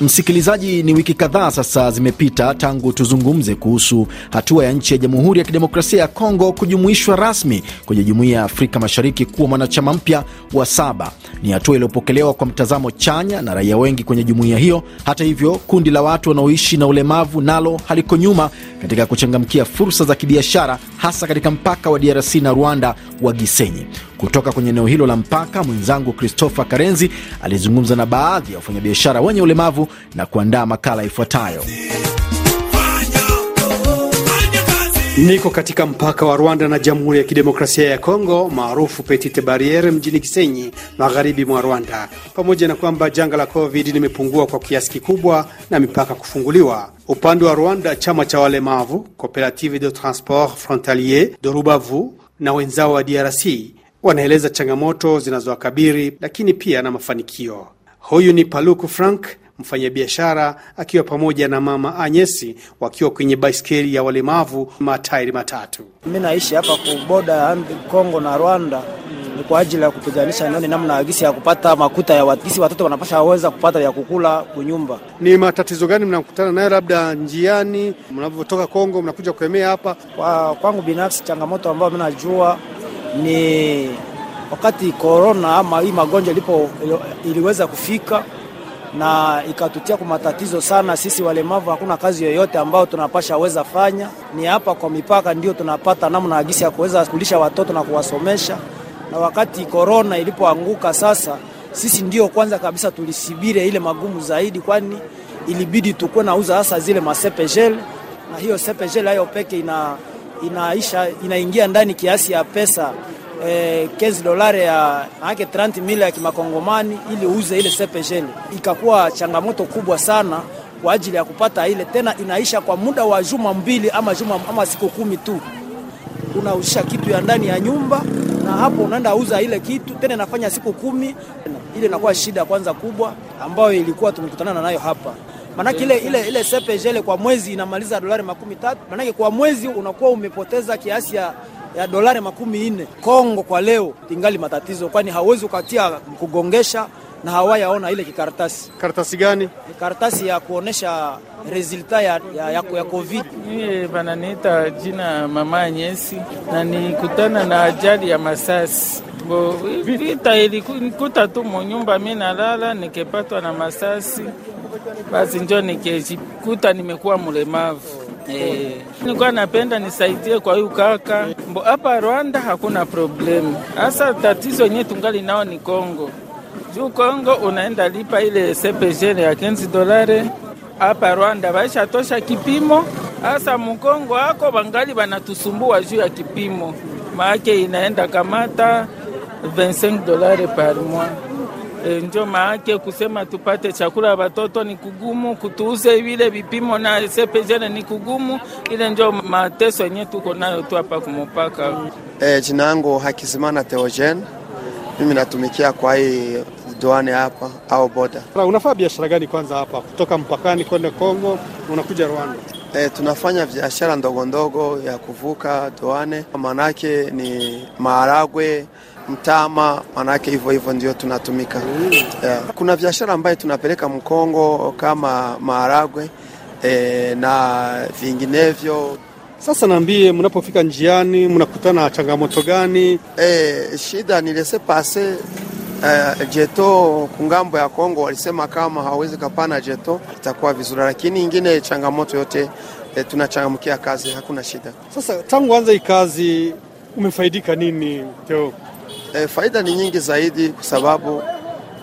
Msikilizaji, ni wiki kadhaa sasa zimepita tangu tuzungumze kuhusu hatua ya nchi ya Jamhuri ya Kidemokrasia ya Kongo kujumuishwa rasmi kwenye Jumuiya ya Afrika Mashariki kuwa mwanachama mpya wa saba. Ni hatua iliyopokelewa kwa mtazamo chanya na raia wengi kwenye jumuiya hiyo. Hata hivyo, kundi la watu wanaoishi na ulemavu nalo haliko nyuma katika kuchangamkia fursa za kibiashara, hasa katika mpaka wa DRC na Rwanda wa Gisenyi. Kutoka kwenye eneo hilo la mpaka, mwenzangu Christopher Karenzi alizungumza na baadhi ya wafanyabiashara wenye ulemavu na kuandaa makala ifuatayo. Niko katika mpaka wa Rwanda na Jamhuri ya Kidemokrasia ya Kongo maarufu Petite Barriere mjini Kisenyi magharibi mwa Rwanda. Pamoja na kwamba janga la Covid limepungua kwa kiasi kikubwa na mipaka kufunguliwa, upande wa Rwanda chama cha walemavu Cooperative de Transport Frontalier de Rubavu na wenzao wa DRC wanaeleza changamoto zinazowakabiri lakini pia na mafanikio. Huyu ni Paluku Frank, mfanyabiashara akiwa pamoja na mama Anyesi wakiwa kwenye baiskeli ya walemavu matairi matatu. Mi naishi hapa kuboda Kongo na Rwanda ni kwa ajili ya kupiganisha nani namna gisi ya kupata makuta ya gisi watoto wanapasha waweza kupata ya kukula kunyumba. Ni matatizo gani mnakutana nayo labda njiani mnavyotoka Kongo mnakuja kuemea hapa? Kwa kwangu binafsi, changamoto ambayo minajua ni wakati korona ama hii magonjwa ilipo iliweza kufika na ikatutia kwa matatizo sana. Sisi walemavu hakuna kazi yoyote ambayo tunapasha weza fanya, ni hapa kwa mipaka ndio tunapata namna agisi ya kuweza kulisha watoto na kuwasomesha. Na wakati korona ilipoanguka sasa, sisi ndio kwanza kabisa tulisibire ile magumu zaidi, kwani ilibidi tukuwe nauza hasa zile masepegele, na hiyo sepegele hayo peke ina inaisha inaingia ndani kiasi ya pesa eh, 15 dolari ya maanake 30 mili ya kimakongomani ili uuze ile sepejele, ikakuwa changamoto kubwa sana kwa ajili ya kupata ile tena, inaisha kwa muda wa juma mbili ama juma ama siku kumi tu. Unauzisha kitu ya ndani ya nyumba na hapo unaenda uza ile kitu tena, inafanya siku kumi. Ile inakuwa shida kwanza kubwa ambayo ilikuwa tumekutanana nayo hapa. Maanake ile ile ile sepejele kwa mwezi inamaliza dolari makumi tatu. Maanake kwa mwezi unakuwa umepoteza kiasi ya ya dolari makumi nne. Kongo kwa leo tingali matatizo, kwani hawezi ukatia kugongesha na hawayaona ile kikaratasi. Karatasi gani? Karatasi ya kuonesha resulta ya, ya, ya, ya COVID. Niye bananiita jina mama nyesi, na nikutana na ajali ya masasi bo vita ilikuta tu munyumba, mi nalala nikipatwa na masasi basi njo nikejikuta nimekuwa mlemavu. E, nilikuwa napenda nisaidie kwa huyu kaka mbo. Hapa Rwanda hakuna problemu, hasa tatizo yenyewe tungali nao ni Kongo juu Kongo unaenda lipa ile CPG ya 15 dolare. Hapa Rwanda baisha tosha kipimo, hasa mukongo ako bangali banatusumbua juu ya kipimo, maake inaenda kamata 25 dolare par mois. E, ndio maake kusema tupate chakula watoto ni kugumu, kutuuze vile vipimo na sepejene ni kugumu. Ile ndio mateso yenye tuko nayo tu hapa kumupaka. E, jina yangu Hakizimana Theogen, mimi natumikia kwa hii duane hapa au boda. Unafanya biashara gani kwanza hapa kutoka mpakani kwenda Kongo unakuja Rwanda? E, tunafanya biashara ndogo ndogo ya kuvuka duane, manake ni maharagwe mtama, manake hivyo hivyo ndio tunatumika yeah. Kuna biashara ambayo tunapeleka Mkongo kama maharagwe e, na vinginevyo. Sasa naambie, mnapofika njiani mnakutana na changamoto gani? E, shida ni lese pase Uh, eh, jeto kungambo ya Kongo walisema kama hawezi kapana jeto itakuwa vizuri, lakini ingine changamoto yote eh, tunachangamkia kazi, hakuna shida. Sasa tangu anza hii kazi umefaidika nini Teo? E, faida ni nyingi zaidi kwa sababu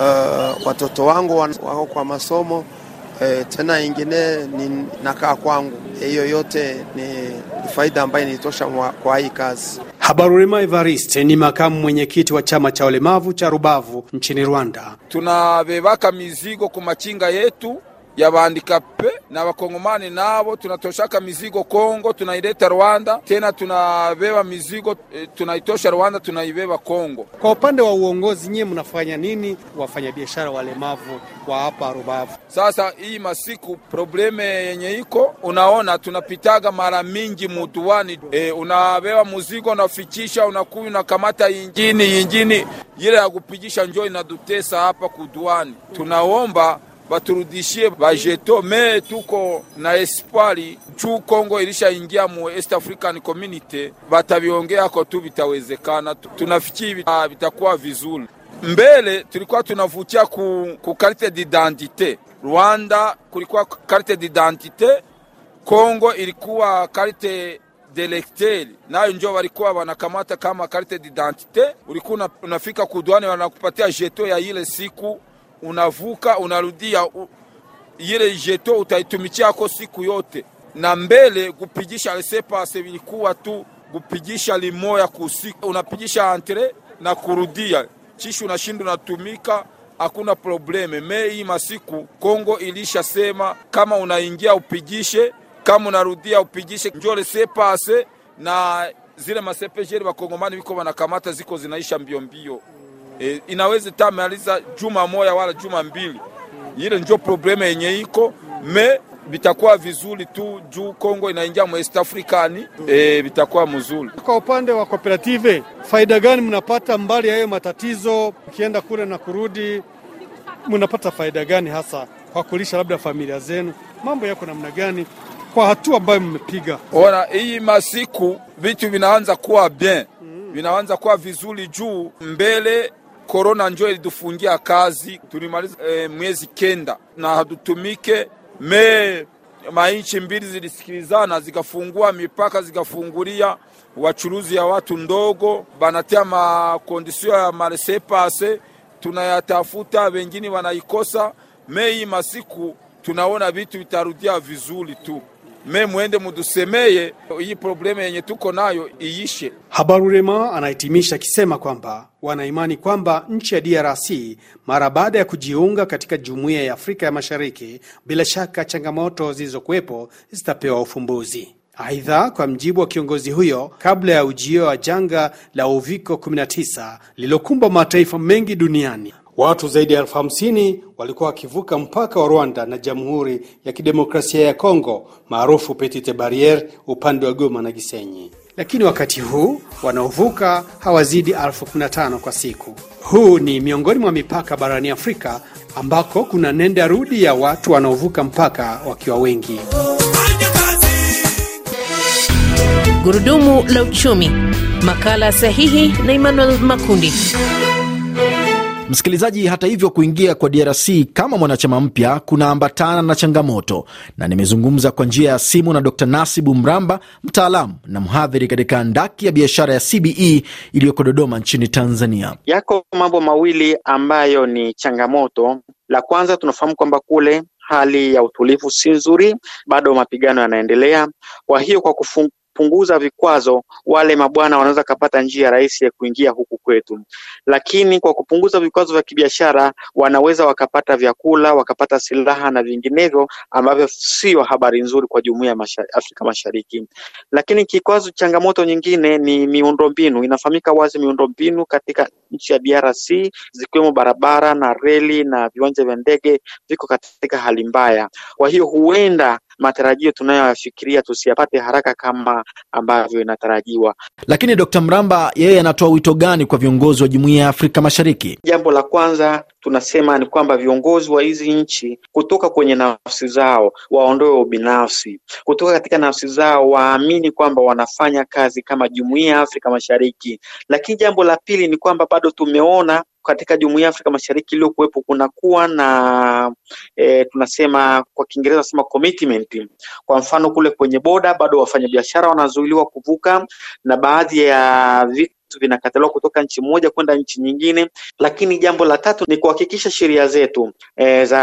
e, watoto wangu wako kwa masomo e, tena ingine ni nakaa kwangu. Hiyo e, yote ni faida ambayo nilitosha kwa hii kazi. Habarurema Evariste ni makamu mwenyekiti wa chama cha walemavu cha Rubavu nchini Rwanda. Tunabebaka mizigo kumachinga yetu y'abandikape na bakongomani nabo tunatoshaka mizigo Kongo tunaileta Rwanda, tena tunabeba mizigo eh, tunaitosha Rwanda tunaibeba Kongo. Kwa upande wa uongozi, nyie mnafanya nini wafanyabiashara walemavu wa hapa Rubavu? Sasa hii masiku probleme yenye iko, unaona tunapitaga mara mingi mutuwani, e, unabeba muzigo unafikisha, unakuya unakamata injini injini, ile ya kupigisha njoo inadutesa hapa kuduani, tunaomba baturudishie bajeto me, tuko na espoiri chu Kongo ilishaingia mu East African Community, ko tu, bitawezekana Tunafikiri bitakuwa vizuri. Mbele tulikuwa tunavutia ku, ku carte d'identité Rwanda, kulikuwa carte d'identité Kongo ilikuwa carte delecteri nayo njo walikuwa wanakamata kama carte d'identité. Ulikuwa unafika kudwani, wanakupatia jeto ya ile siku unavuka unarudia u, ile jeto utaitumikia ko siku yote. Na mbele kupigisha lesepase vilikuwa tu kupigisha limoya kusiku, unapigisha antre na kurudia chishi, unashinda natumika hakuna probleme. Mei masiku Kongo ilishasema kama unaingia upigishe, kama unarudia upigishe, njo lesepase na zile masepejeri bakongomani viko wanakamata ziko zinaisha mbio mbio e, inaweza tamaliza juma moya wala juma mbili. Ile ndio problema yenye iko me bitakuwa vizuri tu juu Kongo inaingia mu East African e, bitakuwa mzuri. Kwa upande wa kooperative, faida gani mnapata mbali ya hayo matatizo? Ukienda kule na kurudi, mnapata faida gani hasa kwa kulisha labda familia zenu? Mambo yako namna gani kwa hatua ambayo mmepiga? Ona hii masiku vitu vinaanza kuwa bien, mm. vinaanza kuwa vizuri juu mbele korona njo ilidufungia kazi, tulimaliza e, mwezi kenda na hadutumike me mainchi mbili zilisikilizana zikafungua mipaka zikafungulia wachuruzi ya watu ndogo banatia makondisio ya marese pase, tunayatafuta wengine wanaikosa. Mei masiku tunaona vitu vitarudia vizuri tu me mwende mudusemeye iyi probleme yenye tuko nayo iyishe. Habarurema anahitimisha akisema kwamba wanaimani kwamba nchi ya DRC mara baada ya kujiunga katika jumuiya ya Afrika ya Mashariki, bila shaka changamoto zilizokuwepo zitapewa ufumbuzi. Aidha, kwa mjibu wa kiongozi huyo, kabla ya ujio wa janga la uviko 19 lililokumba mataifa mengi duniani, Watu zaidi ya elfu hamsini walikuwa wakivuka mpaka wa Rwanda na Jamhuri ya Kidemokrasia ya Kongo maarufu Petite Barriere upande wa Goma na Gisenyi, lakini wakati huu wanaovuka hawazidi elfu kumi na tano kwa siku. Huu ni miongoni mwa mipaka barani Afrika ambako kuna nenda rudi ya watu wanaovuka mpaka wakiwa wengi. Gurudumu la Uchumi, makala sahihi na Emmanuel Makundi. Msikilizaji, hata hivyo, kuingia kwa DRC kama mwanachama mpya kunaambatana na changamoto, na nimezungumza kwa njia ya simu na Dr Nasibu Mramba, mtaalamu na mhadhiri katika ndaki ya biashara ya CBE iliyoko Dodoma nchini Tanzania. Yako mambo mawili ambayo ni changamoto. La kwanza, tunafahamu kwamba kule hali ya utulivu si nzuri, bado mapigano yanaendelea. Kwa hiyo kwa kupunguza vikwazo, wale mabwana wanaweza kapata njia rahisi ya kuingia huku kwetu, lakini kwa kupunguza vikwazo vya kibiashara wanaweza wakapata vyakula, wakapata silaha na vinginevyo, ambavyo sio habari nzuri kwa jumuiya ya Afrika Mashariki. Lakini kikwazo, changamoto nyingine ni miundombinu. Inafahamika wazi miundombinu katika nchi ya DRC zikiwemo barabara na reli na viwanja vya ndege viko katika hali mbaya, kwa hiyo huenda matarajio tunayoyafikiria tusiyapate haraka kama ambavyo inatarajiwa. Lakini d Mramba yeye anatoa wito gani kwa viongozi wa Jumuiya ya Afrika Mashariki? Jambo la kwanza tunasema ni kwamba viongozi wa hizi nchi kutoka kwenye nafsi zao waondoe ubinafsi, kutoka katika nafsi zao waamini kwamba wanafanya kazi kama Jumuiya ya Afrika Mashariki. Lakini jambo la pili ni kwamba bado tumeona katika Jumuiya ya Afrika Mashariki iliyokuwepo kunakuwa na e, tunasema kwa Kiingereza tunasema commitment. Kwa mfano kule kwenye boda bado wafanyabiashara wanazuiliwa kuvuka na baadhi ya vitu vinakataliwa kutoka nchi moja kwenda nchi nyingine. Lakini jambo la tatu ni kuhakikisha sheria zetu e, za,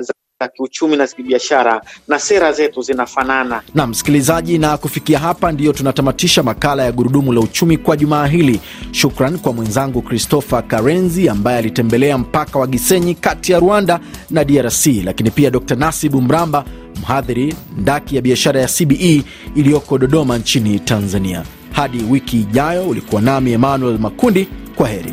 za za kiuchumi na kibiashara na sera zetu zinafanana. Na msikilizaji, na kufikia hapa ndiyo tunatamatisha makala ya Gurudumu la Uchumi kwa jumaa hili. Shukran kwa mwenzangu Christopher Karenzi ambaye alitembelea mpaka wa Gisenyi kati ya Rwanda na DRC, lakini pia Dr Nasibu Mramba, mhadhiri ndaki ya biashara ya CBE iliyoko Dodoma nchini Tanzania. Hadi wiki ijayo, ulikuwa nami Emmanuel Makundi. Kwa heri.